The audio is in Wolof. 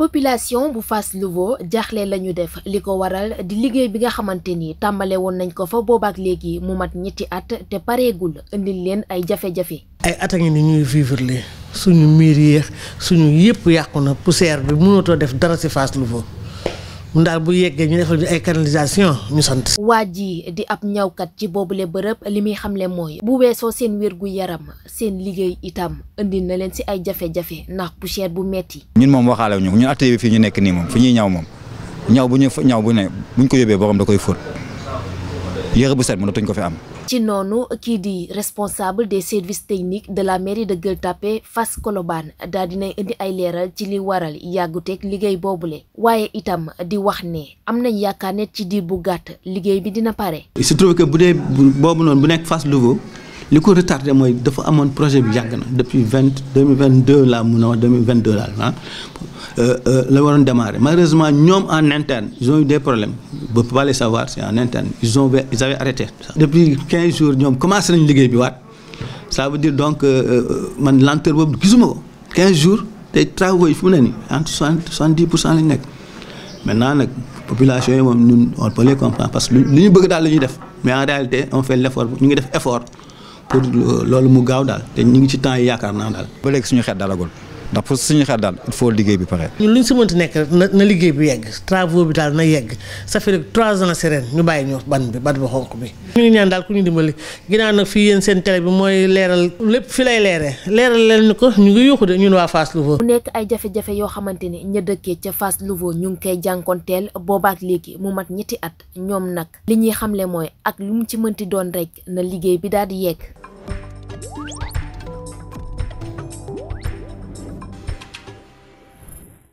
population bu fas Louveau jaaxle lañu def li ko waral di liggéey bi nga xamante ni tàmbale woon nañ ko fa boobaak léegi mu mat ñitti at te pareegul indil leen ay jafe-jafe. ay at a ni ñuy vivre li suñu miir yéex suñu yëpp yàqu na poussière bi mënatoo def dara ci Fass Louveau. mu daal bu yeggee ñu defal ñu ay canalisation ñu sant. waa ji di ab ñawkat ci boobu boobule bërëb li muy xamle mooy. bu weesoo seen wér gu yaram seen liggéey itam indi na leen ci ay jafe-jafe ndax poussière bu metti ñun moom waxaale ñu ñun atelier bi fii ñu nekk nii moom fi ñuy ñaw moom ñaw bu ñu ñaw bu ne buñ ko yóbbee borom da koy fóot yére bu set mu dootuñ ko fi am. ci noonu kii di responsable des services techniques de la mairie de Gueule Tapée Fass Colobane daal dinay indi ay leeral ci li waral yàgguteeg liggéey boobu boobule waaye itam di wax ne am nañ yaakaar ne ci diir bu gàtt liggéey bi dina pare. il trouve que bu dee boobu noonu bu nekk fas Louveau li ko retardé mooy dafa amoon projet bi yàgg na depuis vingt deux mille vingt deux laa mun a wax deux mille vingt deux daal ah euh, euh, la waroon démarrer malheureusement ñoom en interne ils ont eu des problèmes ba pas les savoir c'est en interne ils ont ils avaient arrêté. depuis commencé nañu liggéey bi waat ça veut dire donc euh, man lenteur boobu gisuma ko quinze jours tey travaux yi fu mu ne nii entre soixante dix pour cent lañ nekk maintenant nag. population yi moom ñun on peut les comprendre parce que lu ñu bëgg daal la ñuy def mais en réalité on fait l'effort ñu ngi def effort pour euh, loolu mu gaaw daal te ñu ngi ci temps yi yaakaar naa daal. ba léegi suñu xel dalagul ndax pour suñu xel daal il liggéey bi pare. ñun lu ñu si mënti nekk rek na liggéey bi yegg travaux bi daal na yegg ça fait trois ans ñu bàyyi ñu ban bi ban bi xonq bi. ñu ngi ñaan daal ku ñu dimbali ginnaaw nag fii yéen seen télé bi mooy leeral lépp fi lay leeree leeral leen ni ko ñu ngi yuuxu de ñun waa Fass Louveau. mu nekk ay jafe-jafe yoo xamante ni ña dëkkee ca Fass Louveau ñu ngi koy jànkonteel boobaak léegi mu mat ñetti at ñoom nag li ñuy xamle mooy ak lu mu ci mënti doon rek na liggéey bi daal di yegg